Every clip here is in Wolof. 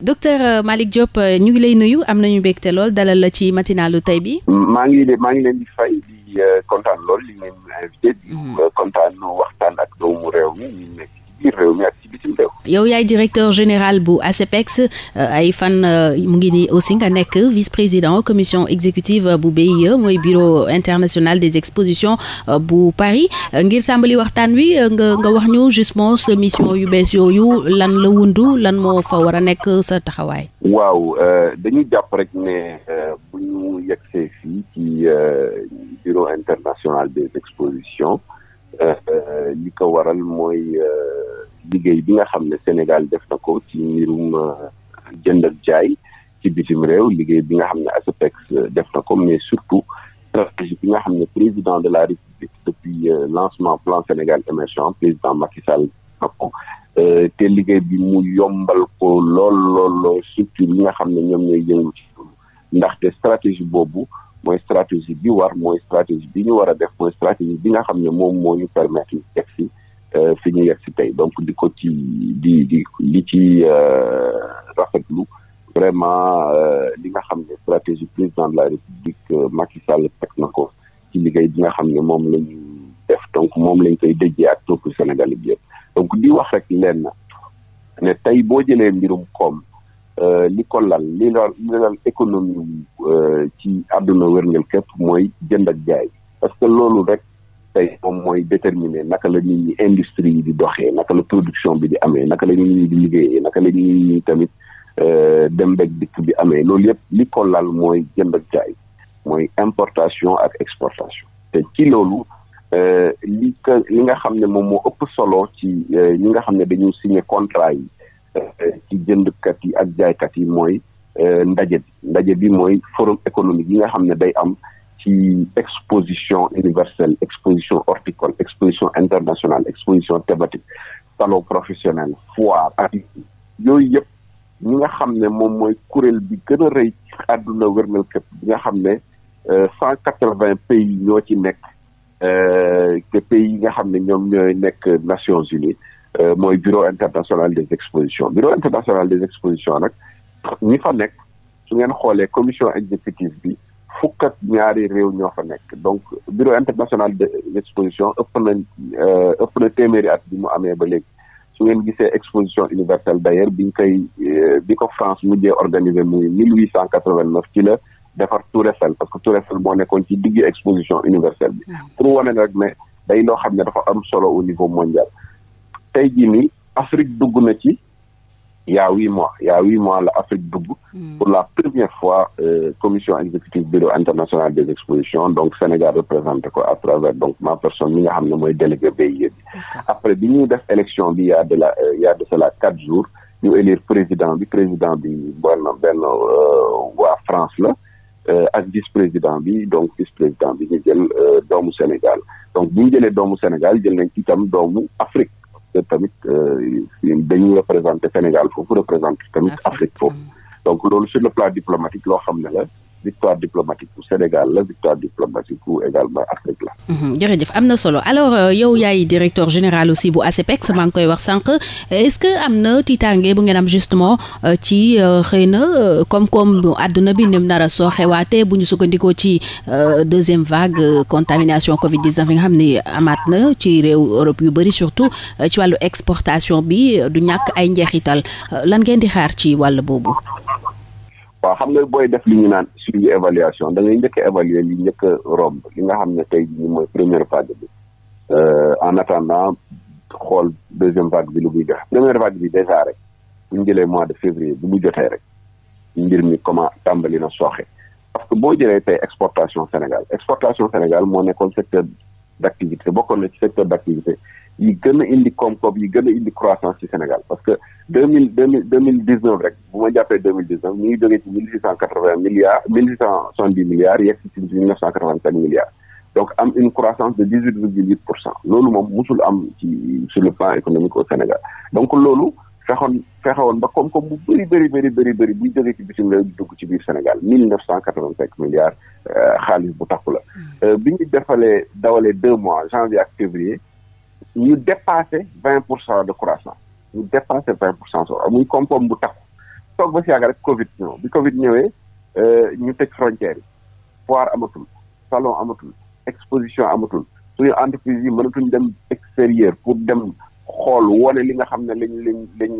docteur euh, Malick Diop euh, ñu ngi lay nuyu am na nañu mbégte lool dalal la ci matinalu tey bi maa ngi leen maa ngi leen di fay di euh, kontaan lool li ngeen invité di mm-hmm. kontaan waxtaan ak doomu réew mi ñu nekk yow yaay directeur général bu ASEPEX euh, ay fan euh, mu ngi ni aussi nga nekk vice président commission exécutive bu BIE mooy bureau international des expositions euh, bu Paris ngir tàmbali waxtaan wi nga nga wax ñu justement sa mission yu bees yooyu lan la wundu lan moo fa war a nekk sa taxawaay. waaw dañuy jàpp rek ne bu ñu yegsee fii ci bureau international des expositions. Euh, li ko waral mooy euh, liggéey bi nga xam ne Sénégal def na ko ci mbirum euh, jënd ak jaay ci bitim réew liggéey bi nga xam ne ASEPEX def na ko mais surtout stratégie bi nga xam ne président de la République depuis lancement plan Sénégal émergent président Macky Sall na te liggéey bi mu yombal ko lool lool surtout yi nga xam ne ñoom ñooy yëngu ci ndaxte stratégie boobu mooy stratégie bi war mooy stratégie bi ñu war a def mooy stratégie bi nga xam ne moom moo ñu permettre ñu yegg si euh, fi ñu yegg si tey donc di ko ci di di li ci euh, rafetlu vraiment euh, li nga xam ne stratégie président de la république Macky Sall teg ko ci liggéey bi nga xam ne moom la def donc moom lañ koy dëjee ak peuple sénégalais bi yëpp donc di wax rek lenn ne tey boo jëlee mbirum koom. Euh, li ko lal li lal économie lal euh, ci àdduna wërngël képp mooy jënd ak jaay parce que loolu rek tey moom mooy déterminer naka la nit ñi industrie yi di doxee naka la production bi di amee naka la nit ñi di liggéeyee naka la nit ñi tamit euh, dem beeg dikk bi amee loolu yëpp li ko lal mooy jënd ak jaay mooy importation ak exportation te ci loolu li ka li nga xam ne moom moo ëpp solo ci ñi nga xam ne dañu signé contrat yi Euh, ci jëndkat yi ak jaaykat yi mooy euh, ndaje ndaje bi mooy forum économique yi nga xam ne day am ci exposition universelle exposition horticole exposition internationale exposition thématique salon professionnel foire ak yooyu yëpp ñi nga xam ne moom mooy kuréel bi gën a rëy ci àdduna wërngal këpp bi nga xam ne euh, cent quatre-vingts pays ñoo ci nekk te pays yi nga xam ne ñoom ñooy nekk Nations Unies Euh, mooy bureau international des expositions bureau international des expositions nag ñi fa nekk su ngeen xoolee commission exécutive bi fukk ak ñaari réew ñoo fa nekk donc bureau international des expositions ëpp na euh, ëpp na téeméeri at bi mu amee ba léegi su ngeen gisee exposition universelle d'ailleurs bi ñu koy euh, bi ko France mujjee organisé muy cent quatre vingt ci la defar Tour Eiffel parce que Tour moo nekkoon ci digg exposition universelle bi pour wane rek ne day loo xam ne dafa am solo au niveau mondial tey jii nii Afrique dugg na ci y a huit mois y a huit mois la Afrique dugg. Hmm. pour la première fois euh, commission exécutive bureau international des expositions donc Sénégal représenté ko à travers donc ma personne mi nga xam ne mooy délégué BIE bi. après bi ñuy def élection bi y de la euh, y a de cela quatre jours ñu élire président bi président bi benn benn euh, waa France la. Euh, ak vice président bi donc vice président bi ñu jël doomu Sénégal donc bu ñu jëlee doomu Sénégal jël nañ ci itam doomu Afrique. que tamit euh, dañuy représenter Sénégal foofu représenter tamit Afrique foofu mm. donc loolu sur le plan diplomatique loo xam ne la victoire diplomatique bu Sénégal la victoire diplomatique bu également Afrique la. Mhm, jërëjëf am na solo alors euh, yow yaay directeur général aussi bu ASEPEX maa ngi koy wax sànq est-ce que am na tiitaange bu ngeen am justement euh, ci euh, xëy na koom-koom bu àdduna bi ni mu nar a bu ñu sukkandikoo ci deuxième vague contamination Covid 19 bi nga xam ne amaat na ci réew Europe yu bëri surtout ci wàllu exportation bi du ñàkk ay njeexital lan ngeen di xaar ci wàll boobu. waaw xam nga booy def li ñu naan suivi évaluation dangay ngay njëkk a évaluer li njëkk a romb li nga xam ne tey jii mooy première vague bi euh, en attendant xool deuxième vague bi lu muy def première vague bi déjà rek bu ñu jëlee mois de février bu mu jotee rek mbir mi comment tàmbali na sooxe parce que boo jëlee tey exportation Sénégal exportation Sénégal moo nekkoon secteur d' activité bokkoon na ci secteur d' yi gën a indi koom-koom i gën a indi croissance ci Sénégal parce que deux mille deux mille deux mille dix neuf rek bu ma jàppee deux mille dix neuf ñu six cent quatre vingt milliards mille six cent dix milliards yegg neuf cent quatre vingt cinq milliards donc am une croissance de dix huit virgule huit pour cent loolu moom musul am ci sur le plan économique au Sénégal donc loolu fexoon ba koom-koom bu bëri bëri bëri bëri bëri buy jógee ci bitim réew dugg ci biir Sénégal mille neuf cent quatre vingt cinq milliards euh, xaalis bu la mm. euh, bi ñu defalee dawalee deux mois janvier ak février ñu dépassé vingt pour cent de croissance ñu dépassé vingt pour cent so muy koom bu takku toog ba si yàgg rek covid ñëw bi covid ñëwee euh, ñu teg frontières yi foire amatul salon amatul exposition amatul suñu entreprise yi mënatuñ dem extérieur pour dem xool wane li nga xam ne lañ lañ lañ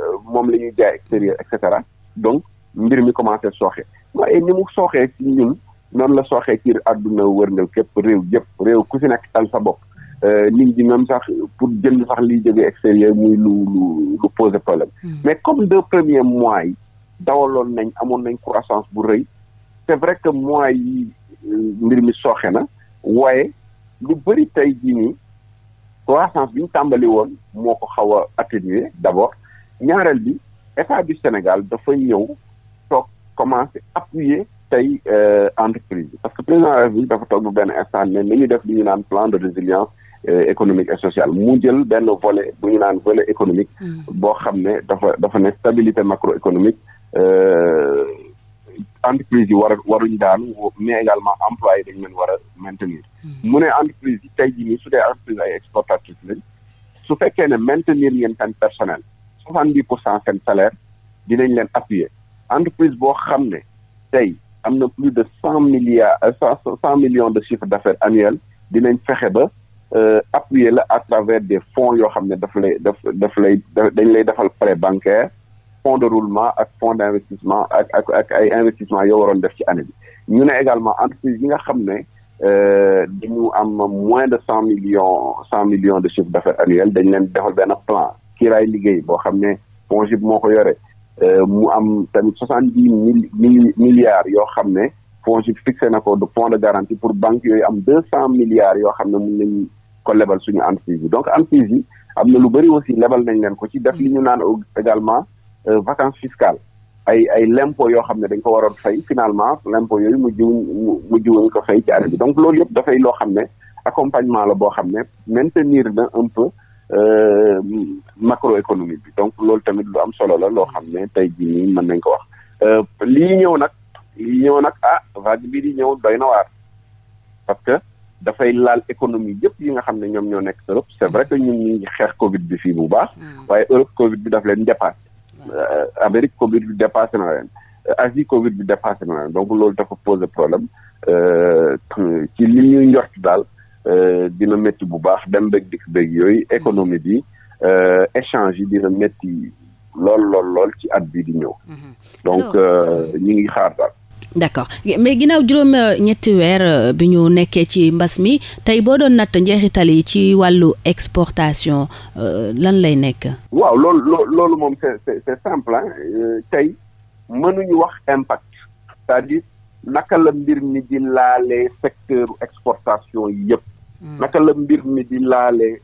euh, moom la ñuy jaay extérieur et cetera donc mbir mi commencé sooxee waaye ni mu sooxee ci ñun noonu la sooxee ci àdduna wërngal képp réew yëpp réew ku si nekk tal sa bopp Euh, nit ñi même sax pour jënd sax liy jógee extérieur muy lu lu lu poser problème. Hmm. mais comme deux premiers mois yi dawaloon nañ amoon nañ croissance bu rëy c'est vrai que mois yi euh, mbir mi sooxe na waaye lu bëri tey jii nii croissance bi ñu tàmbali woon moo ko xaw a atténuer d'abord ñaareel bi état du Sénégal dafa ñëw toog commencer appuyer tey euh, entreprise bi parce que président de la République dafa toog bu benn instant ne nañu def li ñu naan plan de résilience Euh, économique et sociale mu jël benn volet bu ñu naan volet économique hmm. boo xam ne dafa dafa ne stabilité macroéconomique euh, entreprise yi war a waruñ daanu mais également employé dañ leen war a maintenir hmm. mu ne entreprise yi tey jii nii su dee entreprise ay exportatrice lañ su fekkee ne maintenir ngeen seen personnel soixante dix pour cent seen salaire dinañ leen appuyer entreprise boo xam ne tey am na plus de cent milliards euh, cent million de chiffre d'affaires annuel dinañ fexe ba Euh, appuyer la à travers des fonds yoo xam ne daf lay daf daf lay dañ lay defal prêt bancaire fonds de roulement ak fonds d' investissement ak ak ak ay investissement yoo waroon def ci année bi ñu ne également entreprise yi nga xam ne euh, dañu am moins de cent million cent de chiffre d' affaires annuel dañ leen defal benn plan kiiraay liggéey boo xam ne FONGIP moo ko yore euh, mu am tamit soixante dix mille milliards yoo xam ne FONGIP fixé na ko de fonds de garantie pour banque yooyu am deux cent milliards yoo xam ne mun nañu ko lebal suñu entreprise yi donc entreprise yi am na lu bëri aussi lebal nañ leen ko ci def li ñu naan également euh, vacances fiscales ay ay lempo yoo xam ne dañ ko waroon fay finalement lempo yooyu mu jiw mu jiwuñ ko fay ci année bi donc loolu yëpp dafay loo xam ne accompagnement la boo xam ne maintenir na un peu euh, macroéconomie bi donc loolu tamit lu am solo la loo xam ne tey jii nii mën nañ ko wax euh, lii ñëw nag lii ñëw nag ah vague bi yi ñëw doy na waar que dafay laal économie yëpp yi nga xam ne ñoom ñoo nekk Europe c'est vrai que ñun ñu ngi xeex Covid bi fii bu baax. Ah. waaye Europe Covid bi daf leen dépassé. Euh, Amérique Covid bi dépassé na leen. Euh, Asie bi dépassé na donc loolu dafa poser problème euh, ci li ñuy njort daal dina métti bu baax dem beeg dikk beeg yooyu mm. économie bi échange yi dina métti lool lool lool ci at bii di ñëw. Mm-hmm. donc ñu ngi xaar daal. d' accord mais ginaaw juróom euh, ñetti weer euh, bi ñu nekkee ci mbas mi tey boo doon natt njeexital yi ci wàllu exportation euh, lan lay nekk. waaw loolu loolu moom c' est c' simple tey mënuñu wax impact cest naka la mbir mi di laalee secteur exportation yi yëpp. Hmm. naka la mbir mi di laalee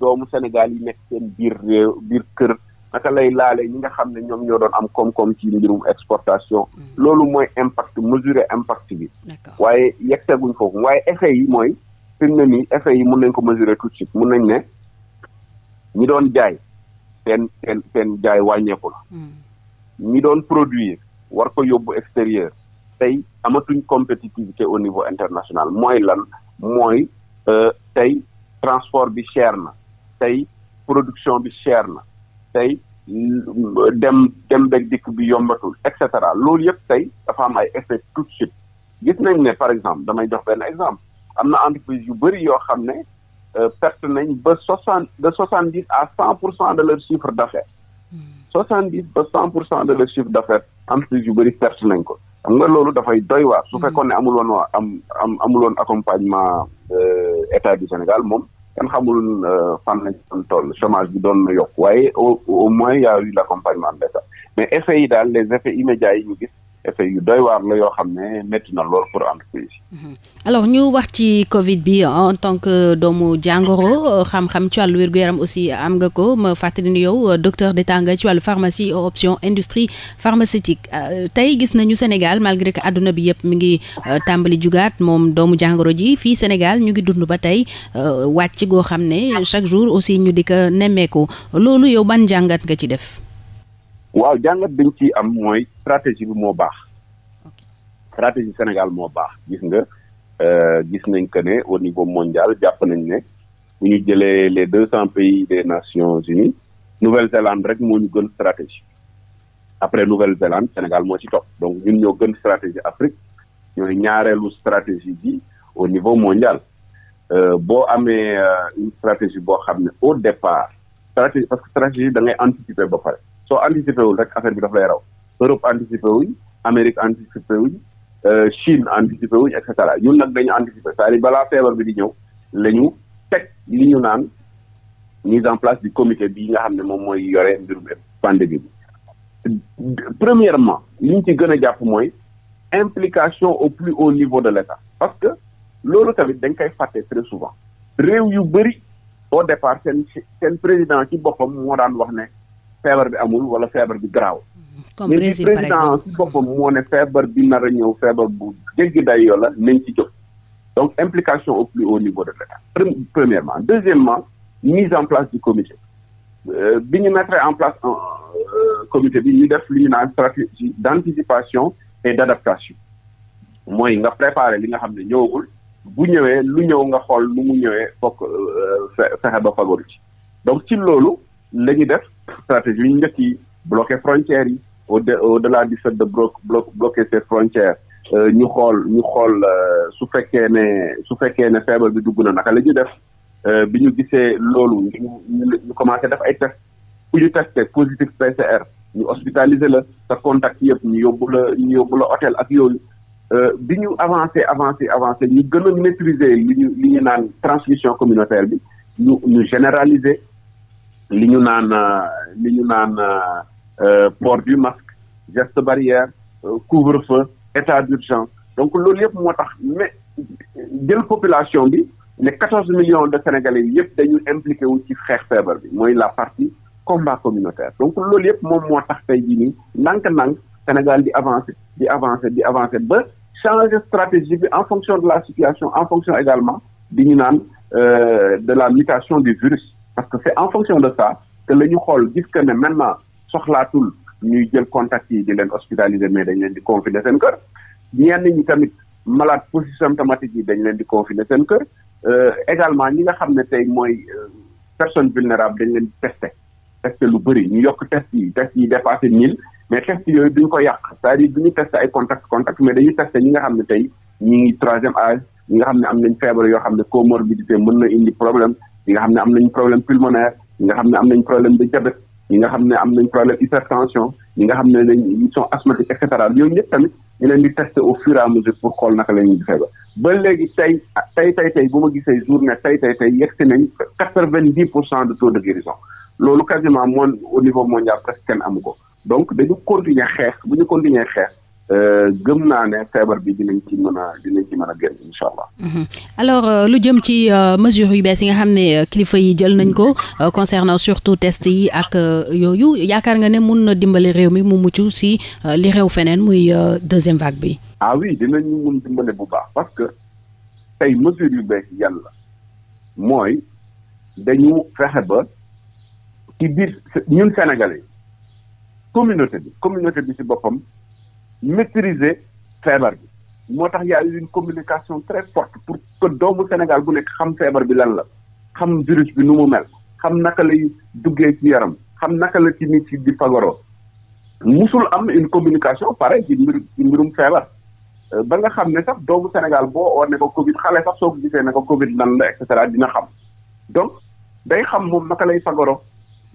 doomu Sénégal yi nekk seen biir réew biir kër. naka lay laalee ñi nga xam ne ñoom ñoo doon am koom-koom ci mbirum exportation. Mm. loolu mooy impact mesurer impact bi. waaye yegteguñ foofu waaye effet yi mooy fi mu ne nii effet yi mun nañ ko mesurer tout de mun nañ ne ñi doon jaay seen seen seen jaay wàññeeku la. Mm. ñi doon produire war ko yóbbu extérieur tey amatuñ compétitivité au niveau international mooy lan mooy euh, tey transport bi cher na tey production bi cher na. tey dem dem beeg dikk bi yombatul et cetera loolu yëpp tey dafa am ay effet tout de gis nañ ne par exemple damay jox benn exemple am na entreprise yu bëri yoo xam ne euh, perte nañ ba soixante de soixante dix à cent pour cent de leur chiffre d'affaires hmm. soixante dix ba cent pour cent de leur chiffre d'affaires entreprise yu bëri perte nañ ko xam nga loolu dafay doy waar su hmm. fekkoon ne amul woon am am amul woon accompagnement euh, état du Sénégal moom kenn xamul euh, fan lañ doon toll chômage bi yokk waaye au au moins y a eu l' accompagnement de l'État mais effet yi daal les effets immédiats yi ñu gis effet waar la yoo xam ne métti na pour entreprise mhm. alors ñu wax ci Covid bi euh, en tant que euh, doomu jàngoro euh, xam-xam ci wàllu wér-gu-yaram aussi am nga ko ma fàttali nu yow docteur d'état nga ci wàllu pharmacie option industrie pharmaceutique tey gis nañu Sénégal malgré que àdduna bi yëpp mi ngi tàmbali jugat moom doomu jàngoro ji fii Sénégal ñu ngi dund ba tey wàcc goo xam ne chaque jour aussi ñu di ko nemmeeku loolu yow ban jàngat nga ci def. waaw jàngat biñ ci am mooy stratégie bi moo baax stratégie Sénégal moo baax gis nga euh, gis nañ que ne au niveau mondial jàpp nañ ne bu ñu jëlee les deux cents pays des Nations Unies Nouvelle-Zélande rek moo ñu gën stratégie après Nouvelle-Zélande Sénégal moo ci topp donc ñun ñoo gën stratégie Afrique ñooy ñaareelu stratégie bi au niveau mondial euh, boo amee euh, une stratégie boo xam ne au départ stratégie parce que stratégie da ngay anticiper ba pare soo anticipé wul rek affaire bi daf lay raw Europe anticipé wuñ Amérique anticipé wuñ euh, Chine anticipé wuñ et cetera ñun nag dañu anticipé c'est-à-dire balaa feebar bi di ñëw la ñu teg li ñu naan mise en place du comité bi nga xam ne moom mooy yore mbirum pandémie bi premièrement li ñu ci gën a jàpp mooy implication au plus haut niveau de l'État parce que loolu tamit dañ koy fàtte très souvent réew yu bëri au départ seen seen président ci boppam moo daan wax ne feebar bi amul wala feebar bi garaaw. comme Brésil par exemple président si boppam moo ne feebar bi nar a ñëw feebar bu jéggi dayoo la nañ ci jóg. donc implication au plus haut niveau de l'État premièrement deuxièmement mise en place du comité euh, bi ñu mettre en place un euh, comité bi ñu def li ñu naan stratégie d'anticipation et d'adaptation mooy nga préparer li nga xam ne ñëwagul bu ñëwee lu ñëw nga xool lu mu ñëwee fokk euh, fexe ba fagaru donc ci loolu la def stratégie yu njëkk yi bloquer frontière yi au de au delà du fait de blo bloquer ces euh, ñu xool ñu xool euh, su fekkee ne su fekkee ne feebar bi dugg na naka la ñu def euh, bi ñu gisee loolu ñu ñu commencé def ay test ku ñu testé positif PCR ñu hospitalisé la sa contact yëpp ñu yóbbu la ñu yóbbu la hôtel ak yooyu bi ñu avancé avancé avancé ñu gën a maîtriser li ñu li ñu naan transmission communautaire bi ñu ñu généraliser li ñu naan euh, li ñu naan euh, port du masque geste barrière euh, couvre-feu état d'urgence donc loolu yëpp moo tax mais jël population bi ne quatorze millions de sénégalais yi yëpp dañu impliqué wu ci xeex feebar bi mooy la partie combat communautaire donc loolu yëpp moom moo tax tey jii nii ndànk-ndànk Sénégal di avancé di avancé di avancé ba changer stratégie bi en fonction de la situation en fonction également di ñu naan de la mutation du virus parce que c' est en fonction de ça te la ñu xool gis que ne maintenant soxlaatul ñuy jël contact yi di leen hospitaliser mais dañ leen di confiner seen kër ñenn ñi tamit malade polysymptomatique yi dañ leen di confiner seen kër euh, également ñi nga xam ne tey mooy euh, personne vulnérable dañ leen di testé lu bëri ñu yokk test yi test yi dépassé mille mais test yooyu duñu ko yàq c'est-à-dire duñu testé ay contact contact mais dañuy testé ñi nga xam ne tey ñi ngi troisième âge ñi nga xam ne am nañ feebar yoo xam ne ko comorbidité mën na indi problème ñi nga xam ne am nañ problème pulmonaire ñi nga xam ne am nañ problème de diabète nga xam ne am nañ problème hypertension ñi nga xam ne dañ ils sont asthmatiques et ñëpp tamit ñu leen di tester au fur et à mesure pour xool naka la ñuy ba léegi tey tey tey tey bu ma gisee journée tey tey tey yegsi nañ quatre-vingt-dix pour cent de taux de guérison loolu quasiment moon au niveau mondial presque kenn amu ko donc dañu continuer xeex bu ñu continuer xeex Euh, gëm naa ne feebar bi dinañ ci mën a dinañ ci mën a génn incha mhm. alors euh, lu jëm ci euh, mesures yu bees yi nga xam ne kilifa yi jël nañ ko mhm. concernant surtout test yi ak yooyu yaakaar nga ne mun na dimbali réew mi mu muccu si li réew feneen muy deuxième vague bi. ah oui dinañ mun dimbali bu baax parce que tey mesures yu bees yàlla mooy dañu fexe ba ci biir ñun Sénégalais communauté bi communauté bi si boppam. maîtriser feebar bi moo tax y a une communication très forte pour que doomu Sénégal bu nekk xam feebar bi lan la xam virus bi nu mu mel xam naka lay duggee ci yaram xam naka la ci nit ci di fagoroo musul am une communication pare ci mbir ci mbirum feebar euh, ba nga xam ne sax doomu Sénégal boo oo ne ko Covid xale sax soo ko gisee ne ko Covid nan la et cetera dina xam donc day xam moom naka lay fagoro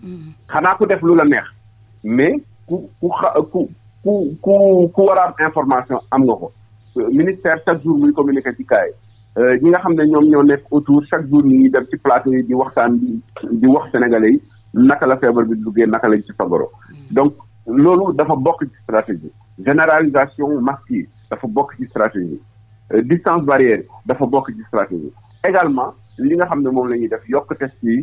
mm-hmm. xanaa ku def lu la neex mais ku ku xa ku ku ku ku war information am nga ko ministère chaque jour muy communiqué ci kaay euh, ñi nga xam ne ñoom ñoo nekk autour chaque jour ñu ngi dem ci plateau yi di waxtaan di di wax sénégalais yi naka la feebar bi duggee naka lañu ci fagoro hmm. donc loolu dafa bokk ci stratégie généralisation masque yi dafa bokk ci stratégie euh, distance barrière dafa bokk ci stratégie également li nga xam ne moom lañuy def yokk test yi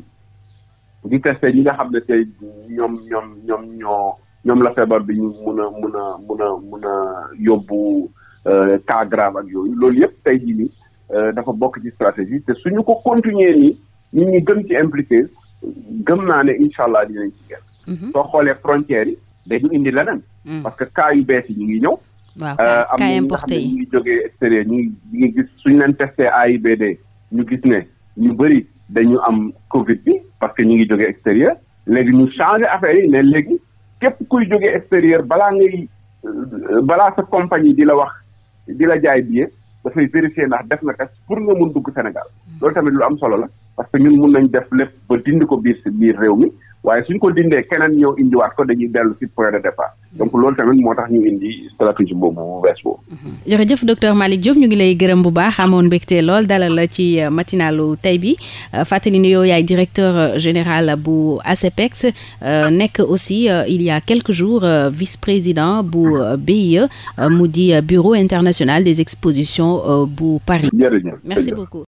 di testé ñi nga xam ne tey ñoom ñoom ñoom ñoo ñoom la feebar bi ñu mun a mun a mun a mun a yóbbu euh, cas grave ak yooyu loolu yëpp tey jii nii euh, dafa bokk ci stratégie te su ñu ko continuer nii ñu ñi gën ci impliqué gëm naa ne incha allah dinañ ci génn. Mhm. soo xoolee frontières yi dañu indi leneen. Mhm. parce que cas yu bees yi ñu ngi ñëw. waaw euh, cas importé yi am na ñu ngi jógee extérieur ñu ngi ñu gis suñu leen testé AIBD ñu gis ne ñu bëri dañu am Covid bi parce que ñu ngi jógee extérieur léegi ñu changé affaire yi ne léegi. képp kuy jóge extérieur balaa ngay euh, balaa sa compagnie di la wax di la jaay billet dafay vérifier ndax def na test pour nga mun dugg Sénégal hmm. loolu tamit lu am solo la parce que ñun mun nañ def lépp ba dindi ko biir si biir réew mi waaye suñ ko dindee keneen ñëw indiwaat ko dañuy dellu si point de départ donc loolu tamit moo tax ñu indi stratégie boobu bu bees boobu. jërëjëf docteur Malick Diop ñu ngi lay gërëm bu baax amoon mbégte lool dalal la ci euh, matinalu tey bi euh, fàttali ni yow yaay directeur euh, général bu ASEPEX nekk aussi il y a quelques jours vice-président bu BIE mu di bureau international des expositions bu Paris.